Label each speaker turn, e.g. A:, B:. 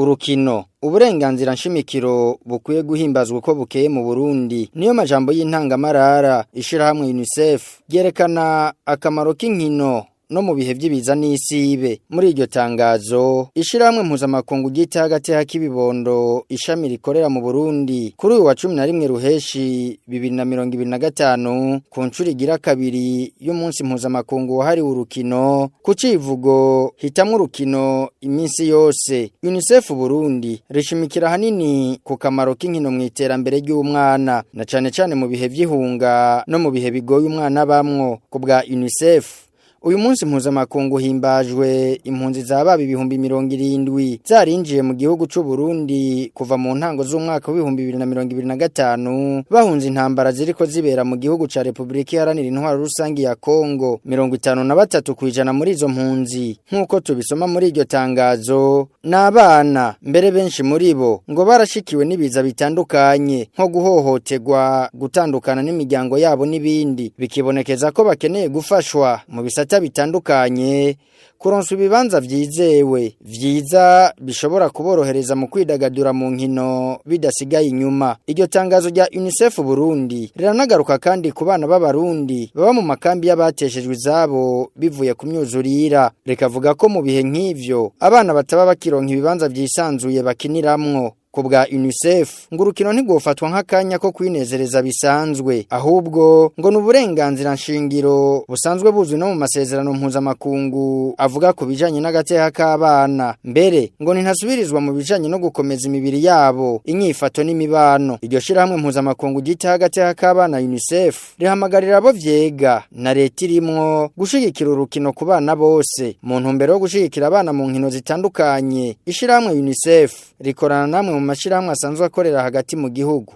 A: Urukino uburenganzira nshimikiro bukwiye guhimbazwa uko bukeye mu Burundi niyo majambo y'intangamarara ishirahamwe UNICEF ryerekana akamaro k'inkino no mu bihe by'ibiza n'isibe muri iryo tangazo ishyirahamwe mpuzamakungu ry'itagateha k'ibibondo ishami rikorera mu Burundi kuri uyu wa 11 ruheshi 2025 ku nshuro gira kabiri y'umunsi mpuzamakungu hari urukino ku civugo hitamwe urukino iminsi yose UNICEF Burundi rishimikira hanini ku kamaro k'inkino mu iterambere ry'umwana na cyane cyane mu bihe by'ihunga no mu bihe bigoye umwana bamwo ku bwa UNICEF uyu munsi mpuzamakungu himbajwe impunzi za babi ibihumbi mirongo irindwi zarinjiye mu gihugu cy'u Burundi kuva mu ntango z'umwaka w'ibihumbi bibiri na mirongo ibiri na gatanu bahunze intambara ziriko zibera mu gihugu cya repubulika iharanira intwaro rusange ya Congo mirongo itanu na batatu ku ijana muri izo mpunzi nk'uko tubisoma muri iryo tangazo n’abana mbere benshi muri bo ngo barashikiwe n'ibiza bitandukanye nko guhohoterwa gutandukana n'imiryango yabo n'ibindi bikibonekeza ko bakeneye gufashwa mu bisate bikorwa bitandukanye kuronsa ibibanza byizewe byiza bishobora kuborohereza mu kwidagadura mu nkino bidasigaye inyuma iryo tangazo rya UNICEF Burundi riranagaruka kandi ku bana b'abarundi baba mu makambi y'abateshejwe izabo bivuye ku myuzurira rekavuga ko mu bihe nk'ivyo abana bataba bakironka ibibanza byisanzuye bakiniramwo ku bwa UNICEF ngo urukino ntigofatwa nk'akanya ko kwinezereza bisanzwe ahubwo ngo n'uburenganzira nshingiro busanzwe buzwi no mu masezerano mpuzamakungu avuga ku bijanye n'agateha k'abana mbere ngo ntihasubirizwa mu bijanye no gukomeza imibiri yabo inyifato n'imibano iryo mpuza mpuzamakungu gitaha agateha k'abana UNICEF rihamagarira abo vyega na leta irimwo gushigikira urukino ku bana bose mu ntumbero yo gushigikira abana mu nkino zitandukanye ishirahamwe UNICEF rikorana namwe mu mashyirahamwe asanzwe akorera hagati mu gihugu